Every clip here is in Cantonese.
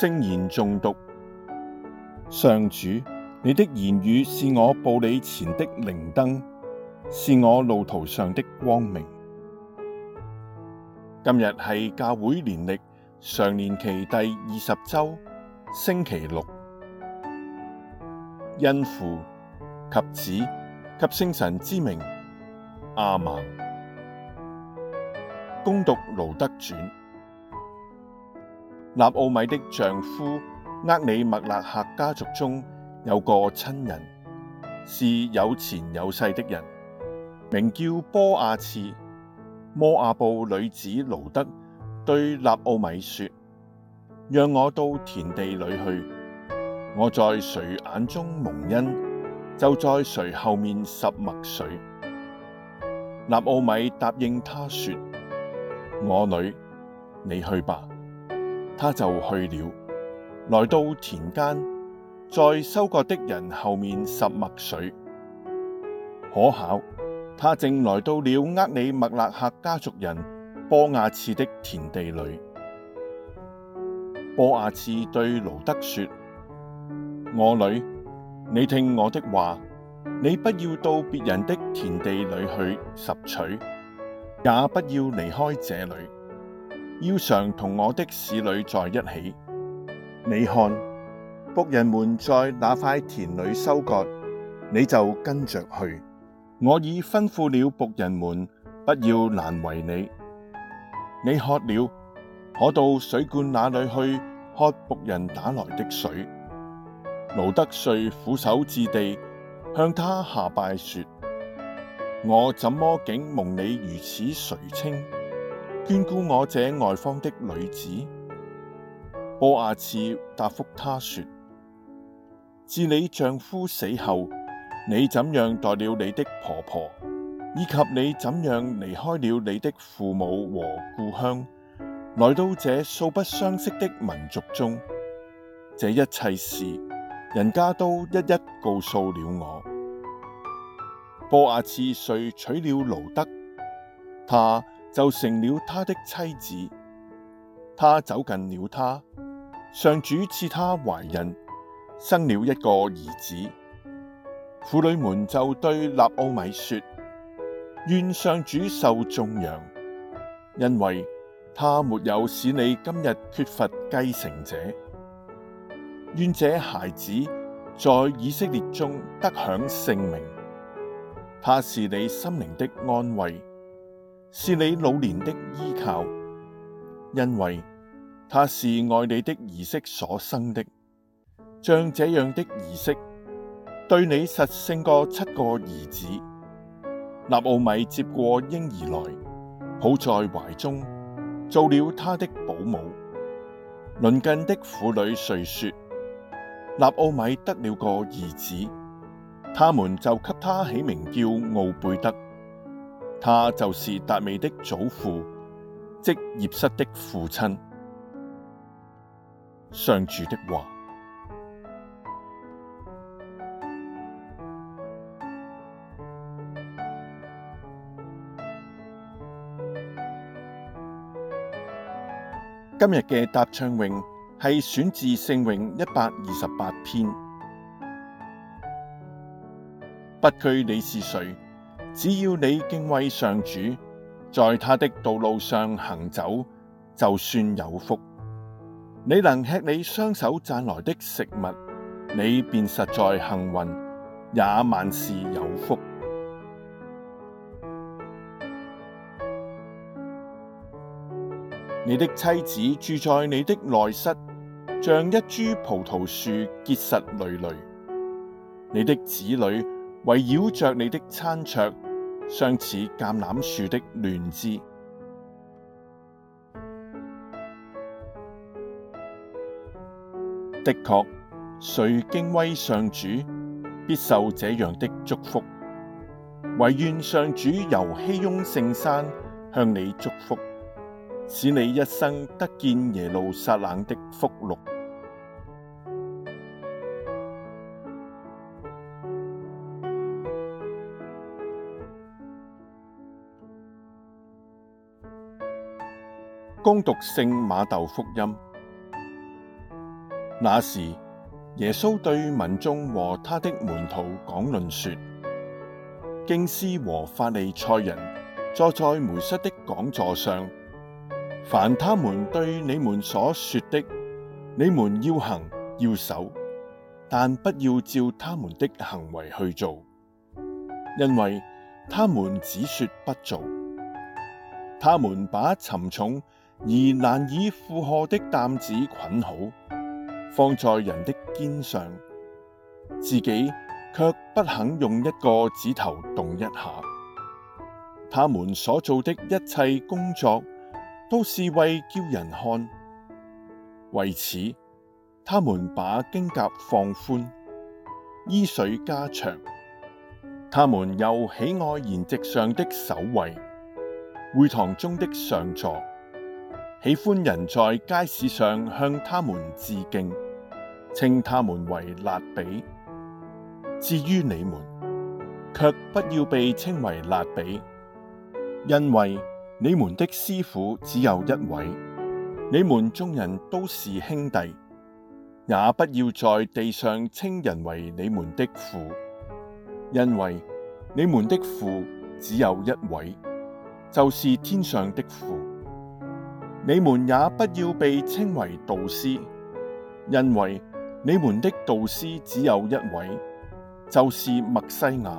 聖言誦讀，上主，你的言語是我步履前的靈燈，是我路途上的光明。今日係教會年曆常年期第二十周星期六，因父及子及聖神之名阿們，恭讀盧德傳。納奧米的丈夫厄里麥勒客家族中有個親人，是有錢有勢的人，名叫波阿次。摩阿布女子盧德對納奧米說：讓我到田地裏去，我在誰眼中蒙恩，就在誰後面拾麥穗。納奧米答應她說：我女，你去吧。他就去了，來到田間，在收割的人後面拾麥穗。可巧，他正來到了厄里默肋客家族人波阿次的田地裏。波阿次對盧德說：我女，你聽我的話，你不要到別人的田地裏去拾取，也不要離開這裏。要常同我的使女在一起。你看僕人們在那塊田裏收割，你就跟着去。我已吩咐了僕人們，不要難為你。你渴了，可到水罐那裏去喝僕人打來的水。盧德遂俯首至地，向他下拜說：我怎麼竟蒙你如此垂青？眷顧我這外方的女子，波阿次答覆她說：自你丈夫死後，你怎樣待了你的婆婆，以及你怎樣離開了你的父母和故鄉，來到這素不相識的民族中，這一切事，人家都一一告訴了我。波阿次遂娶了盧德，她。就成了他的妻子。他走近了她，上主賜她懷孕，生了一個兒子。婦女們就對納敖米說：願上主受頌揚，因為他沒有使你今日缺乏承繼者。願這孩子在以色列中得享盛名，他是你心靈的安慰。是你老年的依靠，因為他是愛你的兒媳所生的。像這樣的兒媳，對你實勝過七個兒子。納敖米接過嬰兒來，抱在懷中，做了他的保母。鄰近的婦女遂說：納敖米得了個兒子。他們就給他起名叫敖貝得。他就是達味的祖父，即葉瑟的父親。上主的話：今日嘅答唱詠係選自聖詠一百二十八篇。不拘你是誰。只要你敬畏上主，在他的道路上行走，就算有福。你能吃你雙手賺來的食物，你便實在幸運，也萬事有福。你的妻子住在你的內室，像一株葡萄樹結實纍纍。你的子女圍繞着你的餐桌。相似橄欖樹的嫩枝，的確，誰敬畏上主，必受這樣的祝福。惟願上主由熙雍聖山向你祝福，使你一生得見耶路撒冷的福祿。恭讀聖瑪竇福音。那時，耶穌對民眾和他的門徒講論說：經師和法利塞人坐在梅瑟的講座上，凡他們對你們所說的，你們要行要守，但不要照他們的行為去做，因為他們只說不做。他們把沉重而難以負荷的擔子捆好，放在人的肩上，自己卻不肯用一個指頭動一下。他們所做的一切工作，都是為叫人看。為此，他們把經匣放寬，衣繸加長。他們又喜愛筵席上的首位，會堂中的上座。喜歡人在街市上向他們致敬，稱他們為辣彼。至於你們，卻不要被稱為辣彼，因為你們的師傅只有一位，你們眾人都是兄弟。也不要在地上稱人為你們的父，因為你們的父只有一位，就是天上的父。你們也不要被稱為導師，因為你們的導師只有一位，就是默西亞。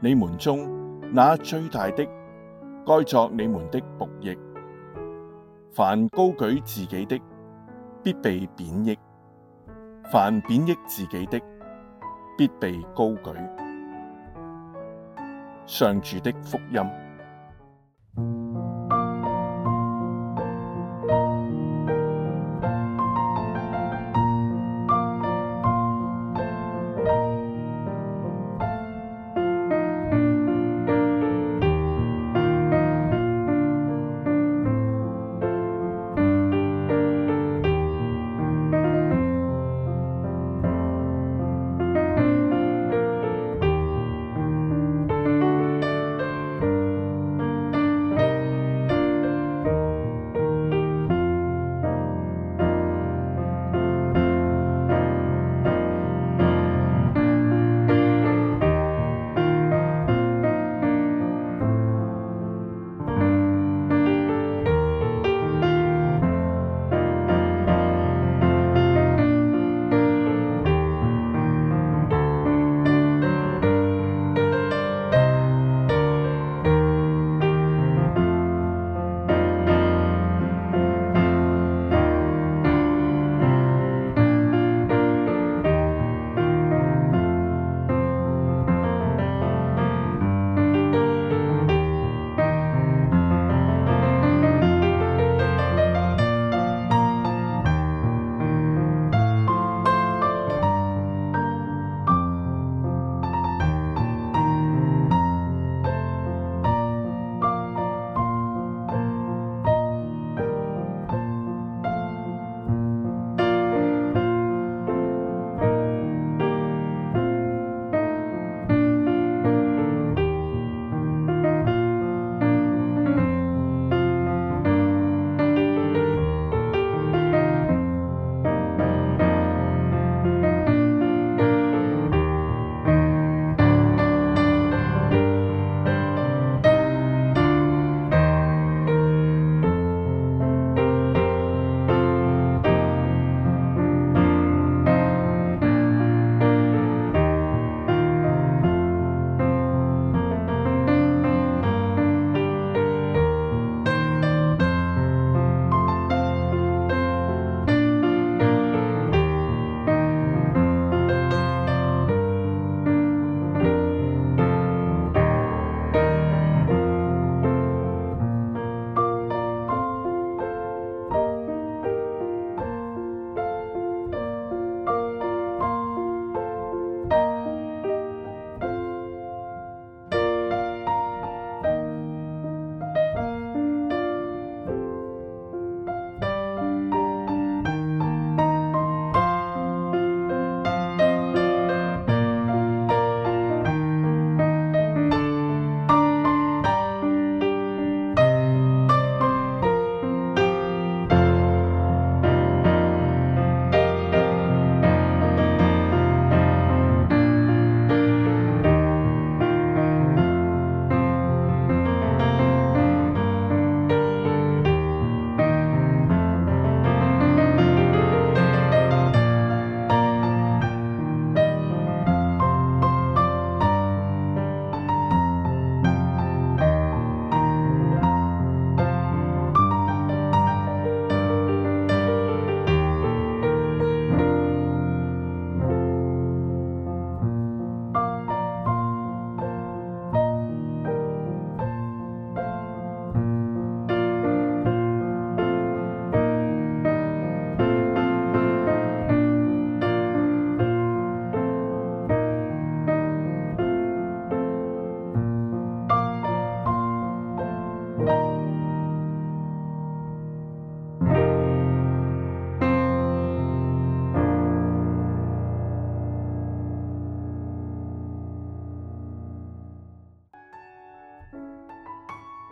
你們中那最大的，該作你們的僕役。凡高舉自己的，必被貶抑；凡貶抑自己的，必被高舉。上主的福音。